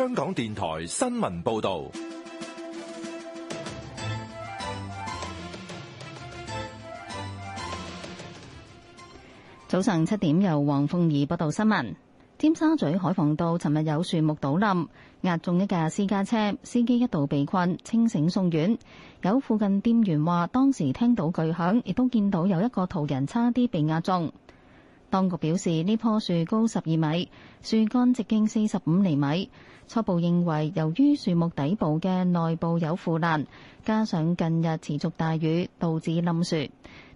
香港電台新聞報道：早上七點，由黃鳳儀報道新聞。尖沙咀海防道，尋日有樹木倒冧，壓中一架私家車，司機一度被困，清醒送院。有附近店員話，當時聽到巨響，亦都見到有一個途人差啲被壓中。當局表示，呢棵樹高十二米，樹幹直徑四十五厘米。初步認為，由於樹木底部嘅內部有腐爛，加上近日持續大雨導致冧樹。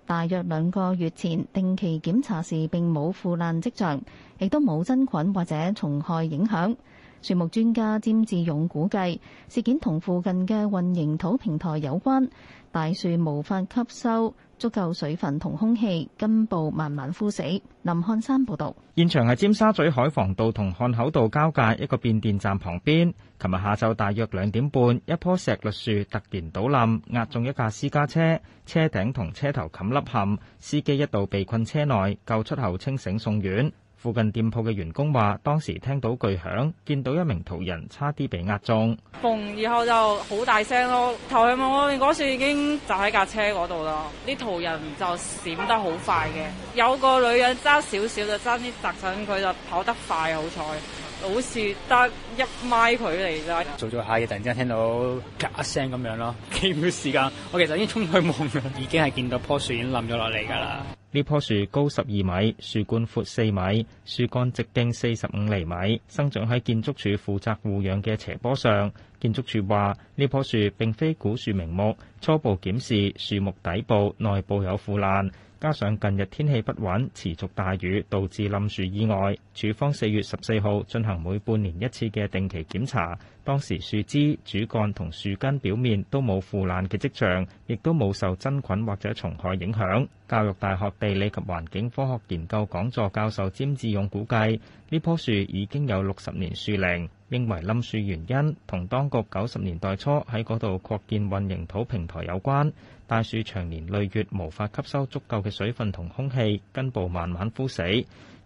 大約兩個月前定期檢查時並冇腐爛跡象，亦都冇真菌或者蟲害影響。樹木專家詹志勇估計，事件同附近嘅混凝土平台有關。大樹無法吸收足夠水分同空氣，根部慢慢枯死。林漢山報道，現場係尖沙咀海防道同漢口道交界一個變電站旁邊。琴日下晝大約兩點半，一棵石栗樹突然倒冧，壓中一架私家車，車頂同車頭冚凹陷，司機一度被困車內，救出後清醒送院。附近店舖嘅員工話：當時聽到巨響，見到一名途人差啲被壓中。碰，然後就好大聲咯。頭去望我面嗰樹已經就喺架車嗰度啦。啲途人就閃得好快嘅。有個女人揸少少就揸啲特上，佢就跑得快，好彩。好似得一米距離咋。做做下嘢，突然之間聽到吉聲咁樣咯。幾秒時間，我其實已經衝去望嘅，已經係見到棵樹已經冧咗落嚟㗎啦。呢棵樹高十二米，樹冠闊四米，樹幹直徑四十五厘米，生長喺建築署負責護養嘅斜坡上。建築署話：呢棵樹並非古樹名木，初步檢視樹木底部內部有腐爛，加上近日天氣不穩，持續大雨，導致冧樹意外。署方四月十四號進行每半年一次嘅定期檢查。當時樹枝、主幹同樹根表面都冇腐爛嘅跡象，亦都冇受真菌或者蟲害影響。教育大學地理及環境科學研究講座教授詹志勇估計，呢樖樹已經有六十年樹齡，認為冧樹原因同當局九十年代初喺嗰度擴建混凝土平台有關。大樹長年累月無法吸收足夠嘅水分同空氣，根部慢慢枯死。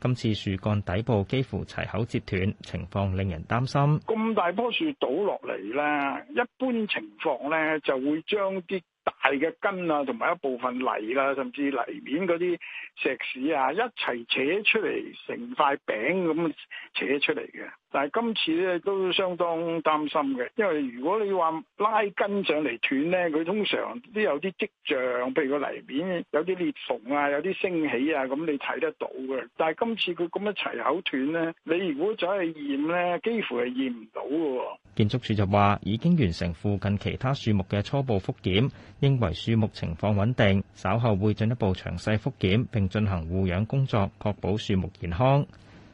今次樹幹底部幾乎齊口截斷，情況令人擔心。咁大棵樹倒落嚟咧，一般情況咧就會將啲大嘅根啊，同埋一部分泥啦啊，甚至泥面嗰啲石屎啊，一齊扯出嚟，成塊餅咁扯出嚟嘅。但係今次咧都相當擔心嘅，因為如果你話拉筋上嚟斷呢，佢通常都有啲跡象，譬如個泥面有啲裂縫啊，有啲升起啊，咁你睇得到嘅。但係今次佢咁一齊口斷呢，你如果走去驗呢，幾乎係驗唔到嘅。建築署就話已經完成附近其他樹木嘅初步覆檢，認為樹木情況穩定，稍後會進一步詳細覆檢並進行護養工作，確保樹木健康。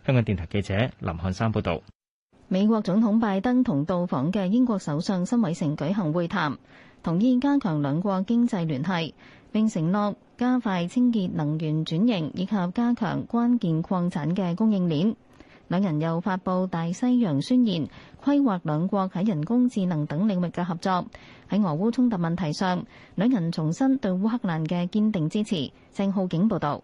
香港電台記者林漢山報道，美國總統拜登同到訪嘅英國首相辛偉誠舉行會談，同意加強兩國經濟聯繫，並承諾加快清潔能源轉型以及加強關鍵礦產嘅供應鏈。兩人又發佈大西洋宣言，規劃兩國喺人工智能等領域嘅合作。喺俄烏衝突問題上，兩人重申對烏克蘭嘅堅定支持。鄭浩景報道。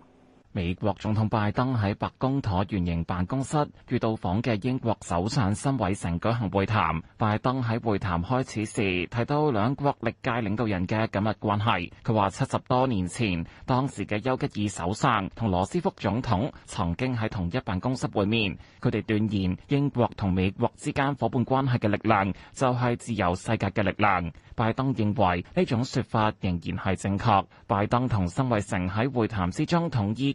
美國總統拜登喺白宮橢圓形辦公室遇到訪嘅英國首相辛偉成舉行會談。拜登喺會談開始時提到兩國歷屆領導人嘅緊密關係。佢話七十多年前，當時嘅丘吉爾首相同羅斯福總統曾經喺同一辦公室會面。佢哋斷言英國同美國之間伙伴關係嘅力量就係自由世界嘅力量。拜登認為呢種說法仍然係正確。拜登同辛偉成喺會談之中統一。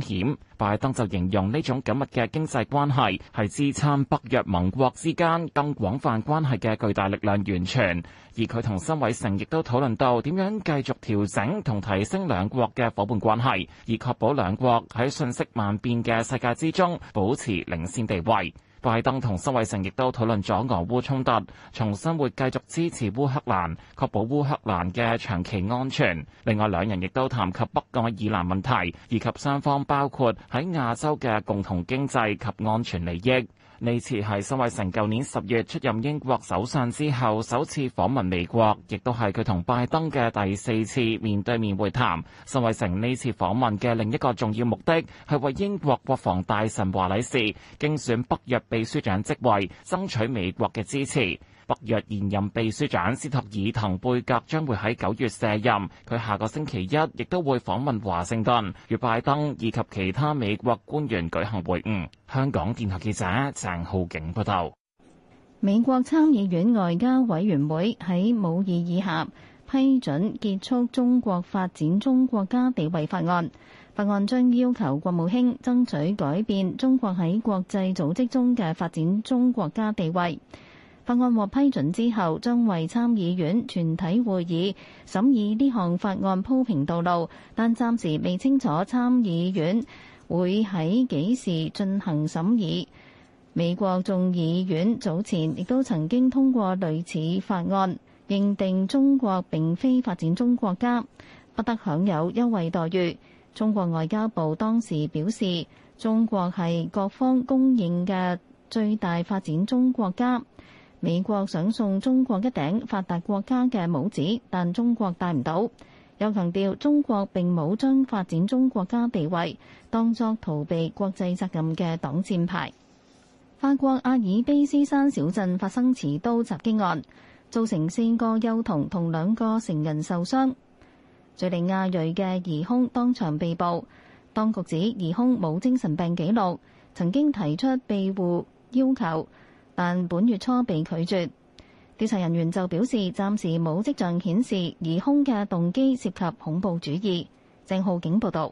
拜登就形容呢種緊密嘅經濟關係係支撐北約盟國之間更廣泛關係嘅巨大力量源泉，而佢同辛偉誠亦都討論到點樣繼續調整同提升兩國嘅夥伴關係，以確保兩國喺瞬息萬變嘅世界之中保持領先地位。拜登同辛偉誠亦都討論咗俄烏衝突，重新會繼續支持烏克蘭，確保烏克蘭嘅長期安全。另外兩人亦都談及北愛爾蘭問題，以及雙方包括喺亞洲嘅共同經濟及安全利益。呢次係辛偉誠舊年十月出任英國首相之後首次訪問美國，亦都係佢同拜登嘅第四次面對面會談。辛偉誠呢次訪問嘅另一個重要目的係為英國國防大臣華禮士，競選北約秘書長職位，爭取美國嘅支持。北約現任秘書長斯特爾滕貝格將會喺九月卸任，佢下個星期一亦都會訪問華盛頓，與拜登以及其他美國官員舉行會晤。香港電台記者鄭浩景報道，美國參議院外交委員會喺無異議下批准結束中國發展中國家地位法案。法案將要求國務卿爭取改變中國喺國際組織中嘅發展中國家地位。法案獲批准之後，將為參議院全體會議審議呢項法案鋪平道路，但暫時未清楚參議院會喺幾時進行審議。美國眾議院早前亦都曾經通過類似法案，認定中國並非發展中國家，不得享有優惠待遇。中國外交部當時表示，中國係各方公認嘅最大發展中國家。美國想送中國一頂發達國家嘅帽子，但中國戴唔到。又強調中國並冇將發展中國家地位當作逃避國際責任嘅擋箭牌。法國阿爾卑斯山小鎮發生持刀襲擊案，造成四個幼童同兩個成人受傷。敍利亞裔嘅疑兇當場被捕，當局指疑兇冇精神病記錄，曾經提出庇護要求。但本月初被拒絕，調查人員就表示，暫時冇跡象顯示疑兇嘅動機涉及恐怖主義，鄭浩景報道。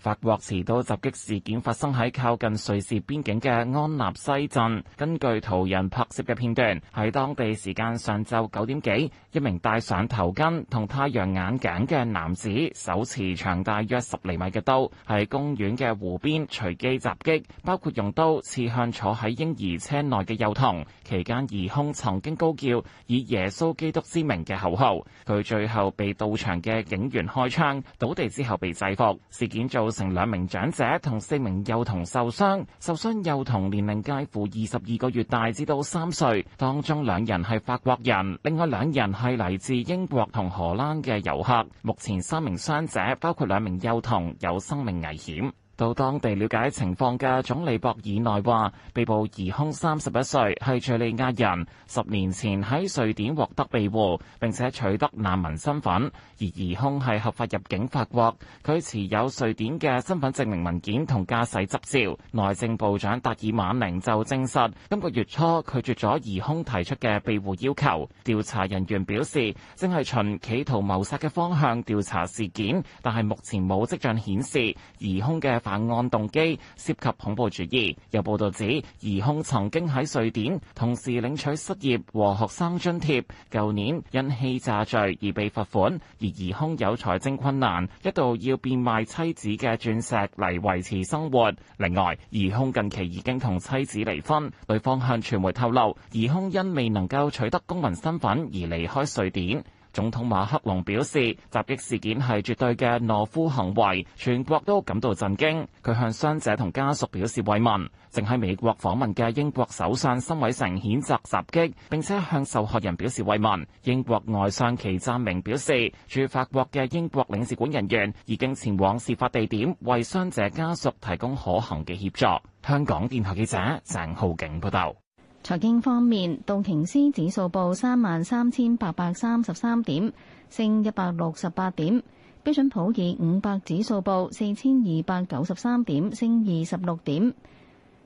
法國持刀襲擊事件發生喺靠近瑞士邊境嘅安納西鎮。根據途人拍攝嘅片段，喺當地時間上晝九點幾，一名戴上頭巾同太陽眼鏡嘅男子，手持長大約十厘米嘅刀，喺公園嘅湖邊隨機襲擊，包括用刀刺向坐喺嬰兒車內嘅幼童。期間疑兇曾經高叫以耶穌基督之名嘅口號。佢最後被到場嘅警員開槍倒地之後被制服。事件造造成兩名長者同四名幼童受傷。受傷幼童年齡介乎二十二個月大至到三歲。當中兩人係法國人，另外兩人係嚟自英國同荷蘭嘅遊客。目前三名傷者，包括兩名幼童，有生命危險。到當地了解情況嘅總理博爾內話：被捕疑兇三十一歲，係敍利亞人，十年前喺瑞典獲得庇護，並且取得難民身份。而疑兇係合法入境法國，佢持有瑞典嘅身份證明文件同駕駛執照。內政部長達爾馬寧就證實，今個月初拒絕咗疑兇提出嘅庇護要求。調查人員表示，正係循企圖謀殺嘅方向調查事件，但係目前冇跡象顯示疑兇嘅案動機涉及恐怖主義。有報道指，疑兇曾經喺瑞典同時領取失業和學生津貼，舊年因欺詐罪而被罰款，而疑兇有財政困難，一度要變賣妻子嘅鑽石嚟維持生活。另外，疑兇近期已經同妻子離婚，對方向傳媒透露，疑兇因未能夠取得公民身份而離開瑞典。總統馬克龍表示，襲擊事件係絕對嘅懦夫行為，全國都感到震驚。佢向傷者同家屬表示慰問。正喺美國訪問嘅英國首相辛偉誠譴責襲擊，並且向受害人表示慰問。英國外相祁湛明表示，駐法國嘅英國領事館人員已經前往事發地點，為傷者家屬提供可行嘅協助。香港電台記者鄭浩景報道。財經方面，道瓊斯指數報三萬三千八百三十三點，升一百六十八點；標準普爾五百指數報四千二百九十三點，升二十六點。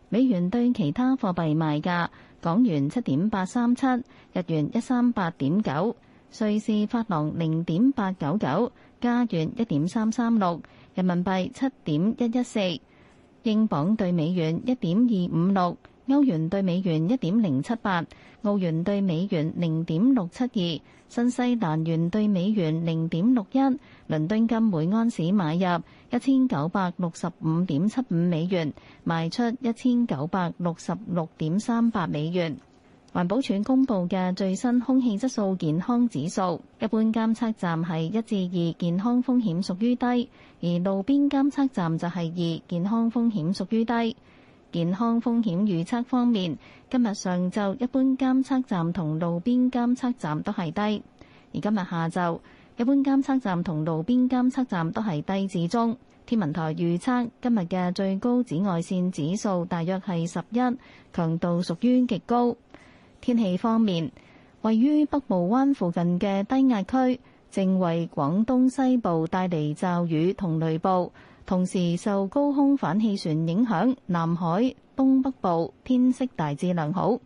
美元對其他貨幣賣價：港元七點八三七，日元一三八點九，瑞士法郎零點八九九，加元一點三三六，人民幣七點一一四，英鎊對美元一點二五六。歐元對美元一點零七八，澳元對美元零點六七二，新西蘭元對美元零點六一。倫敦金每安士買入一千九百六十五點七五美元，賣出一千九百六十六點三八美元。環保署公布嘅最新空氣質素健康指數，一般監測站係一至二，健康風險屬於低；而路邊監測站就係二，健康風險屬於低。健康風險預測方面，今日上晝一般監測站同路邊監測站都係低，而今日下晝一般監測站同路邊監測站都係低至中。天文台預測今日嘅最高紫外線指數大約係十一，強度屬於極高。天氣方面，位於北部灣附近嘅低壓區正為廣東西部帶嚟驟雨同雷暴。同時受高空反氣旋影響，南海東北部天色大致良好。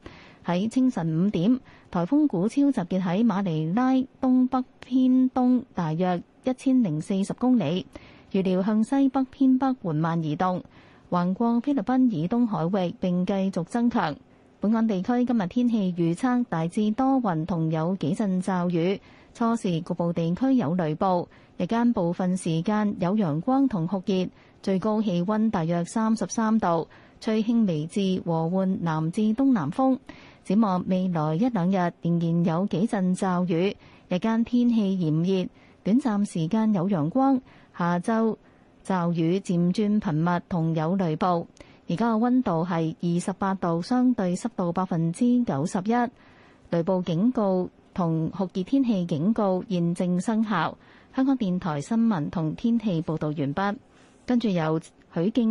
喺清晨五點，颱風古超集結喺馬尼拉東北偏東大約一千零四十公里，預料向西北偏北緩慢移動，橫過菲律賓以東海域並繼續增強。本港地區今日天氣預測大致多雲同有幾陣驟雨，初時局部地區有雷暴，日間部分時間有陽光同酷熱，最高氣温大約三十三度，吹輕微至和緩南至東南風。展望未來一兩日仍然有幾陣驟雨，日間天氣炎熱，短暫時間有陽光，下晝驟雨漸轉頻密同有雷暴。而家嘅溫度係二十八度，相對濕度百分之九十一。雷暴警告同酷熱天氣警告現正生效。香港電台新聞同天氣報道完畢。跟住有許敬。